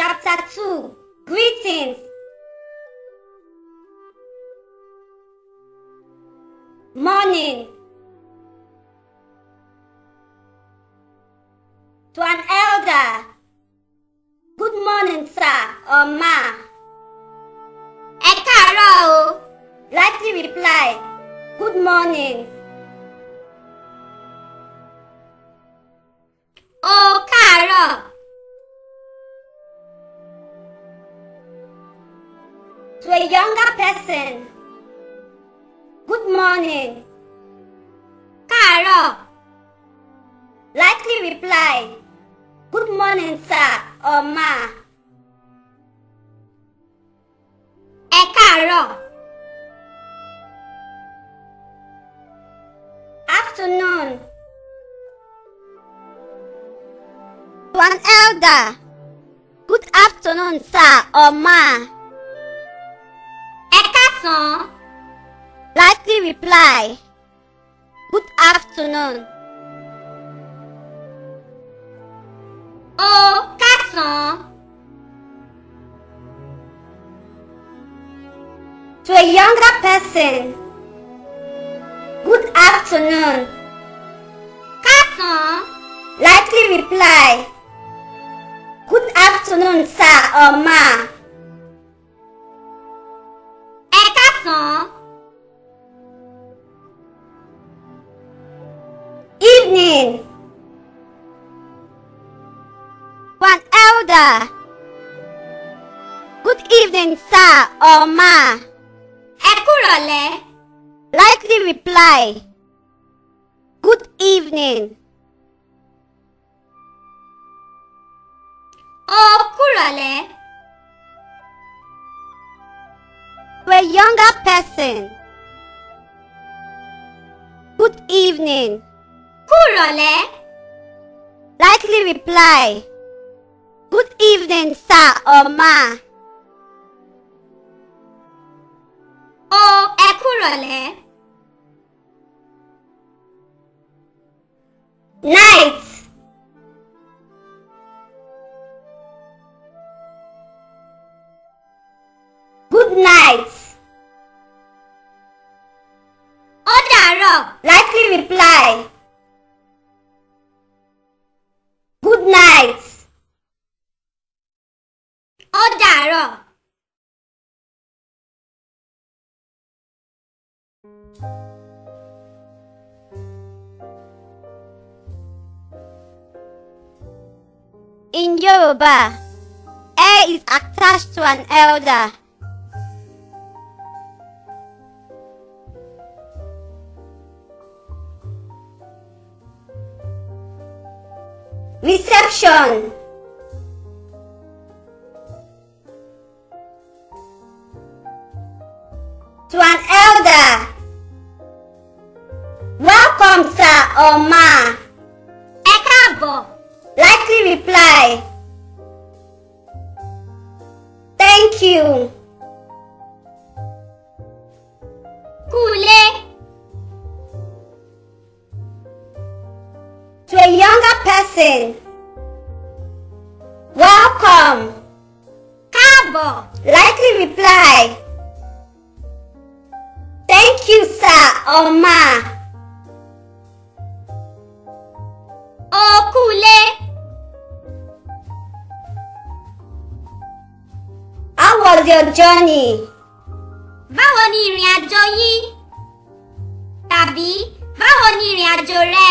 Chapter Tzu, greetings! Morning! To an elder, good morning sir or ma. Ekaro. Lightly reply, good morning. Oh, káàárọ̀. to a younger person. Good morning. Káàárọ̀. Likely reply. Good morning, sir or ma. Ẹ káàárọ̀. Afternoon. To an elder. Good afternoon, sir or ma. song? Likely reply, Good afternoon. Oh, Casson. To a younger person, Good afternoon. Casson. Likely reply, Good afternoon, sir or ma. song. Evening. One elder. Good evening, sir or ma. Ekurole. Likely reply. Good evening. Oh, kurole. younger person. Good evening. Kurole. Likely reply. Good evening, sir or ma. Oh, ekurole. Night. In Yoruba, A is attached to an elder. Reception ma ẹ káàbọ̀ likely reply thank you kúlé to a younger person welcome káàbọ̀ likely reply thank you sir or ma. was your journey? Báwo ni ìrìn àjò yín? Tàbí báwo ni ìrìn àjò rẹ?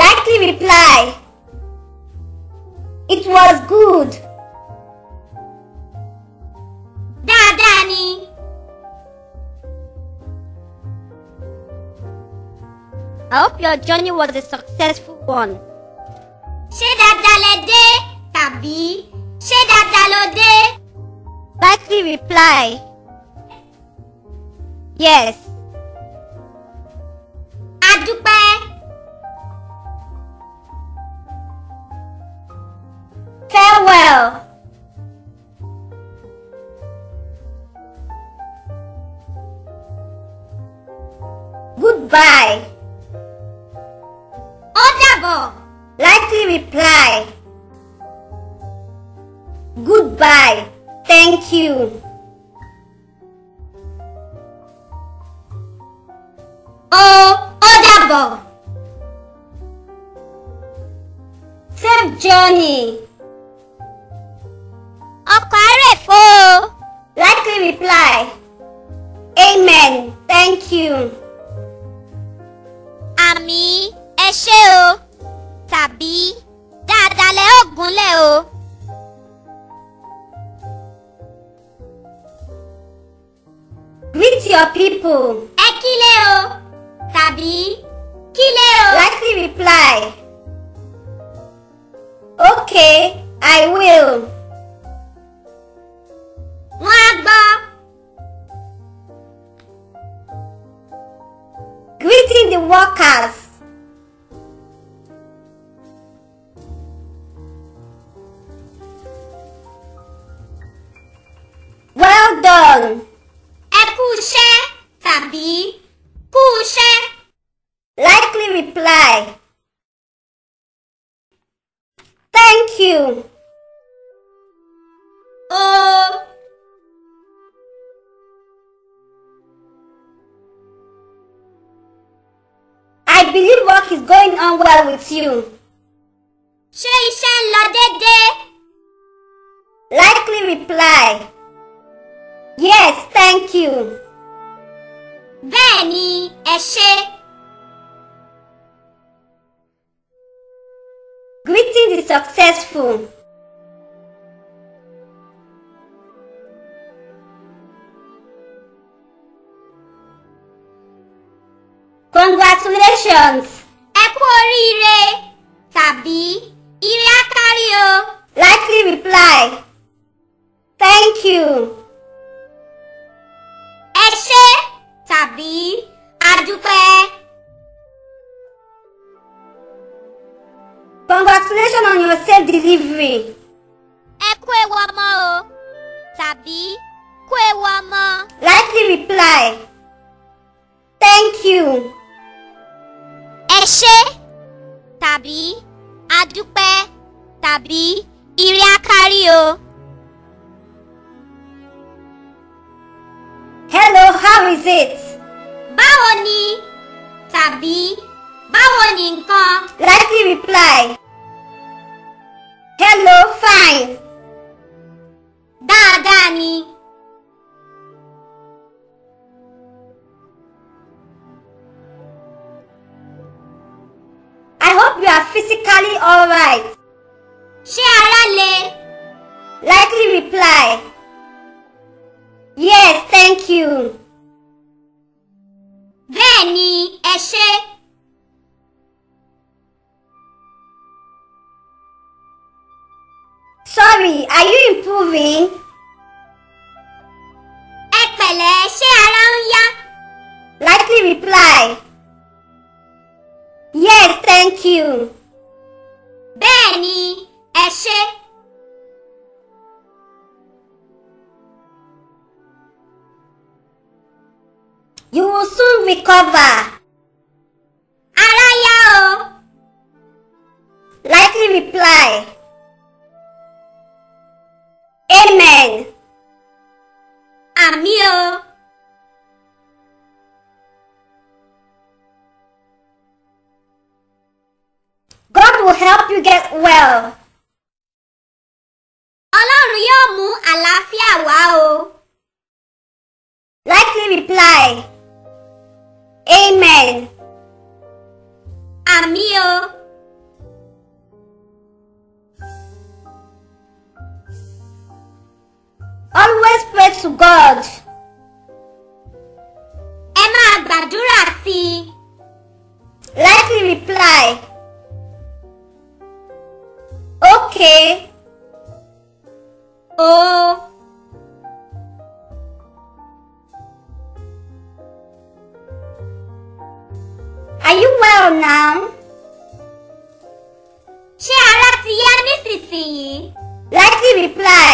Likely reply. It was good. Dáadáa ni. I hope your journey was a successful one. Ṣé dáadáa lẹ dé? Tàbí ṣé dáadáa ló dé? Bakri reply. Yes. Adúpẹ́. Farewell. Goodbye. ó ó dàbọ̀. Sir Johnny. Ọkọ̀ àárẹ̀ Likely reply. Amen. Thank you. Ami ẹ ṣé o tàbí dáadáa lẹ ó gúnlẹ̀ o. Greet your people. Ẹ kílẹ̀ o. Abby? Kileo! Likely reply. Okay, I will. Mwagba! Greeting the workers. work is going on well with you. Ṣé la ń lọ dédé? Likely reply. Yes, thank you. Bẹ́ẹ̀ni, ẹ Greeting the successful. congratulations ẹ kú oríire tàbí ire á likely reply thank you. ẹ ṣé tàbí congratulations on your safe delivery. àbí ire akárí o. hello how is it. báwo ni tàbí báwo ni nǹkan. likely reply. hello fine. dáadáa ni. I hope you are physically alright. Wale. Likely reply. Yes, thank you. Bẹ́ẹ̀ni, ẹ ṣé. Sorry, are you improving? Ẹ pẹ̀lẹ́, ṣé ara ń yá? Likely reply. Yes, thank you. Bẹ́ẹ̀ni. ẹ You will soon recover. Ara yá Likely reply. Amen. Amio, God will help you get well. reply, Amen. Amio. Always pray to God. Emma Badura, see. sí i. reply. Okay. Oh. ọ̀nà. Ṣé ara ti yá nísinsìnyí? Likely reply.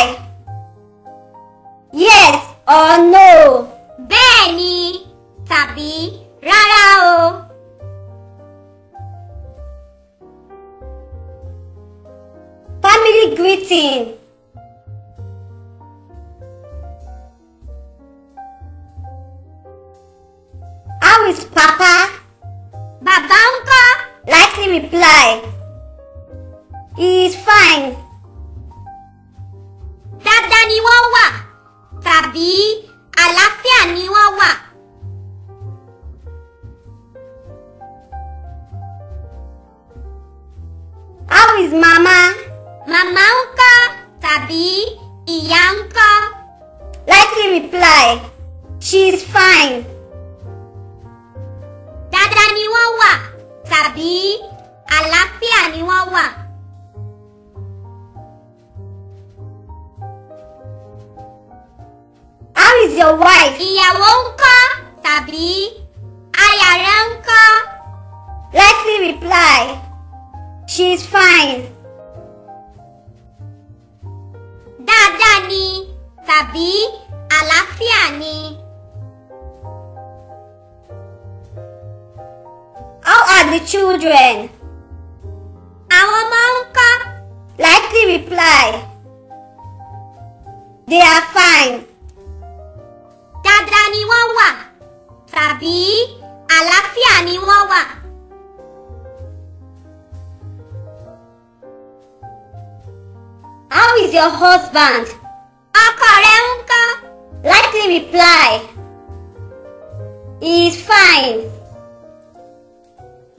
Yes or no. Bẹ́ẹ̀ni Tapi rárá Family greeting. tàbí àlàáfíà ni wọ́n wà. How is mama? Màmá ń kọ́ tàbí ìyá ń kọ́. Likely reply, she is fine. Dáadáa ni wọ́n wà tàbí àlàáfíà ni wọ́n wà. is your wife? Iyawonka, sabi tàbí aya rẹ̀ reply, she is fine. Dadani, sabi alafiani. How are the children? Àwọn ọmọ ńkọ́? Likely reply, they are fine. ni wọ́n wà tàbí àlàáfíà ni wọ́n wà. How is your husband? Ọkọ rẹ ń kọ́. Likely reply. He is fine.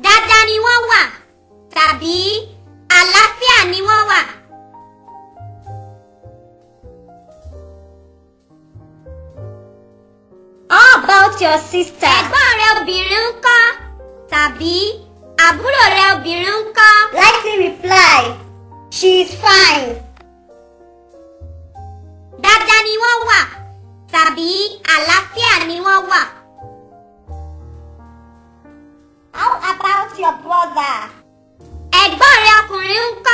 Dáadáa ni wọ́n wà tàbí àlàáfíà. about your sister? Ẹ̀gbọ́n rẹ obìnrin ń kọ́ tàbí àbúrò rẹ obìnrin ń kọ́? Likely reply, she is fine. Dáadáa ni wọ́n wà tàbí àlàáfíà ni wọ́n wà. How about your brother? Ẹ̀gbọ́n rẹ ọkùnrin ń kọ́?